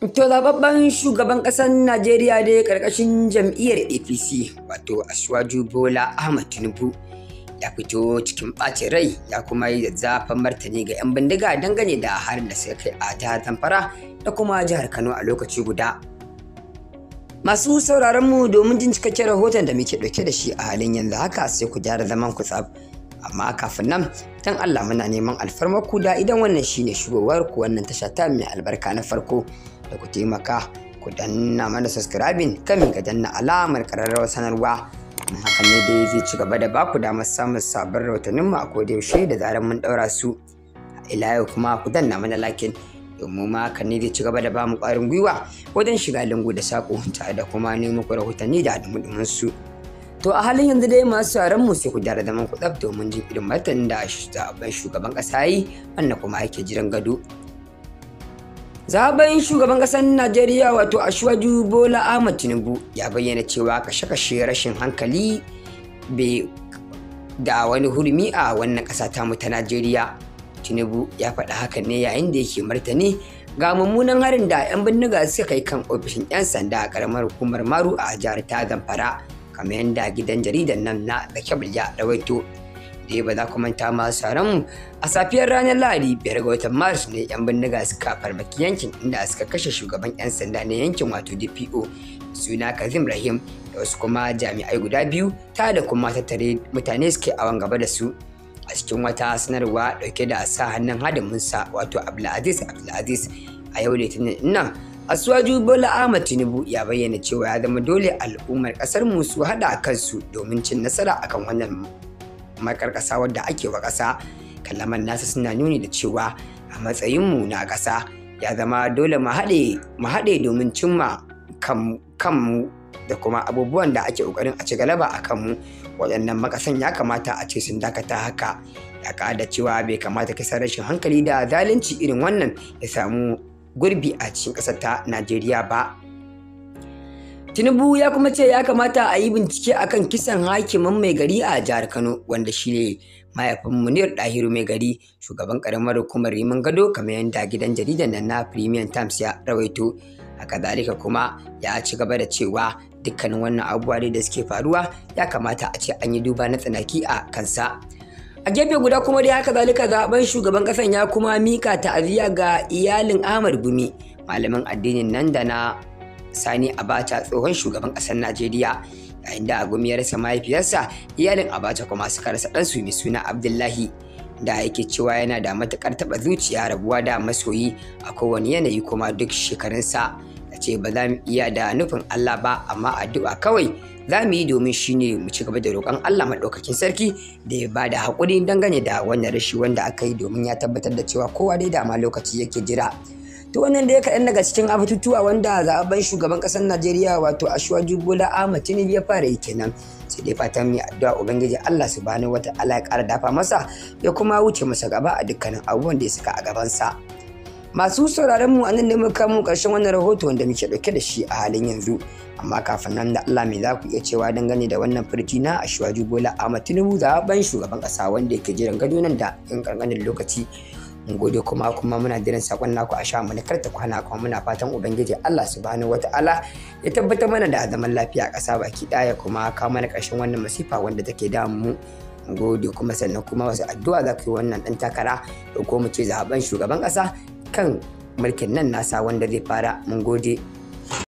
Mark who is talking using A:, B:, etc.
A: To zababben shugaban ƙasar Najeriya ya karkashin jam'iyyar APC wato Asuwaju Bola Ahmad Tinubu ya fito cikin ɓacin rai ya kuma yi da zafin martani ga 'yan bindiga dangane da harin da suka kai a jihar Zamfara da kuma jihar Kano a lokaci guda. Masu sauraron mu domin jin cikakken rahoton da muke ɗauke da shi a halin yanzu haka sai ku gyara zaman ku tsab. Amma kafin nan, dan Allah muna neman alfarmar ku da idan wannan shine shigowar ku wannan tasha ta mai albarka na farko. da ku taimaka ku danna mana subscribing kan ga danna alamar ƙararrawar sanarwa hakan ne dai zai ci gaba da ba ku damar samun sabon rahotannin mu a yaushe da zarar mun daura su ila yau kuma ku danna mana lakin domin ma hakan ne zai ci gaba da ba mu ƙwarin gwiwa wajen shiga lungu da sako, tare da kuma nemo ku rahotanni da dumudumin su to a halin yanzu dai masu tsaron mu sai ku da zaman ku tsaf domin jin irin martanin da shugaban kasa yi wannan kuma ake jiran gado zaben shugaban ƙasar najeriya wato ashwaju bola ahmad tinubu ya bayyana cewa kashe-kashe rashin hankali bai da wani hurumi a wannan ta tamu ta najeriya tinubu ya faɗa hakan ne yayin da yake martani ga mummunan harin da 'yan bindiga suka kai kan ofishin 'yan sanda a ƙaramar hukumar maru a jihar ta zamfara kamar yadda gidan jaridan nan na da ya rawaito dai ba za ku manta masu mu a safiyar ranar lahadi biyar ga watan maris ne yan bindiga suka farmaki yankin inda suka kashe shugaban yan sanda na yankin wato dpo suna kazim rahim da wasu kuma jami'ai guda biyu ta da kuma tattare mutane suke awon gaba da su a cikin wata sanarwa dauke da sa hannun Musa wato abdulaziz abdulaziz a yau litinin nan Asuwaju Bola Ahmad Tinubu ya bayyana cewa ya zama dole al'ummar kasar mu su haɗa kansu domin cin nasara akan wannan makar ƙasa wadda ake wa ƙasa kalaman nasa suna nuni da cewa a matsayinmu na ƙasa ya zama dole mu haɗe domin cimma kanmu da kuma abubuwan da ake ƙoƙarin a ci galaba a kanmu waɗannan makasan ya kamata a ce sun dakata haka ya ƙada cewa bai kamata kisa rashin hankali da zalunci irin wannan ya samu gurbi a cikin ƙasar ta najeriya ba Tinubu ya kuma ce ya kamata a yi bincike akan kisan hakimin mai gari a jihar Kano wanda shi ne mahaifin Munir Dahiru mai gari shugaban karamar hukumar Riman Gado kamar yadda gidan jaridar nan na Premium Times ya rawaito. Haka kuma ya ci gaba da cewa dukkanin wannan abubuwa da suke faruwa ya kamata a ce an yi duba na tsanaki a kansa. a gefe guda kuma dai haka zalika zaben shugaban kasan ya kuma mika ta'aziyya ga iyalin ahmad gumi malamin addinin nan da na Sani Abacha tsohon shugaban ƙasar Najeriya yayin da gumi ya rasa mahaifiyarsa iyalin Abacha kuma suka rasa ɗansu mai suna Abdullahi da yake cewa yana da matuƙar taɓa zuciya rabuwa da masoyi a kowane yanayi kuma duk shekarunsa da ce ba za mu iya da nufin Allah ba amma addu'a kawai za mu yi domin shine mu ci gaba da roƙon Allah maɗaukakin sarki da ya ba da haƙuri dangane da wannan rashi wanda aka yi domin ya tabbatar da cewa kowa dai dama lokaci yake jira. to wannan da ya kaɗan daga cikin abututuwa wanda zaɓen shugaban ƙasar najeriya wato ashwaju bola ahmad tinubu ya fara yi kenan sai dai fatan mai addu'a ubangiji allah su bani wata ya ƙara dafa masa ya kuma wuce masa gaba a dukkanin abubuwan da ya saka a gabansa masu sauraron mu anan ne muka mu ƙarshen wannan rahoto wanda muke ɗauke da shi a halin yanzu amma kafin nan da Allah mai za ku iya cewa dangane da wannan firji na Ashwaju Bola Ahmad Tinubu zaɓen shugaban ƙasa wanda yake jiran gado nan da yan ƙanƙanin lokaci mu gode kuma kuma muna jiran sakon naku a sha mu na karta kwana kuma muna fatan ubangiji Allah subhanahu wataala ya tabbatar mana da zaman lafiya a ƙasa baki ɗaya kuma kawo mana ƙarshen wannan masifa wanda take damu mu gode kuma sannan kuma wasu addu'a za ku yi wannan ɗan takara da ko mu ce zaɓen shugaban ƙasa kan mulkin nan nasa wanda zai fara mun gode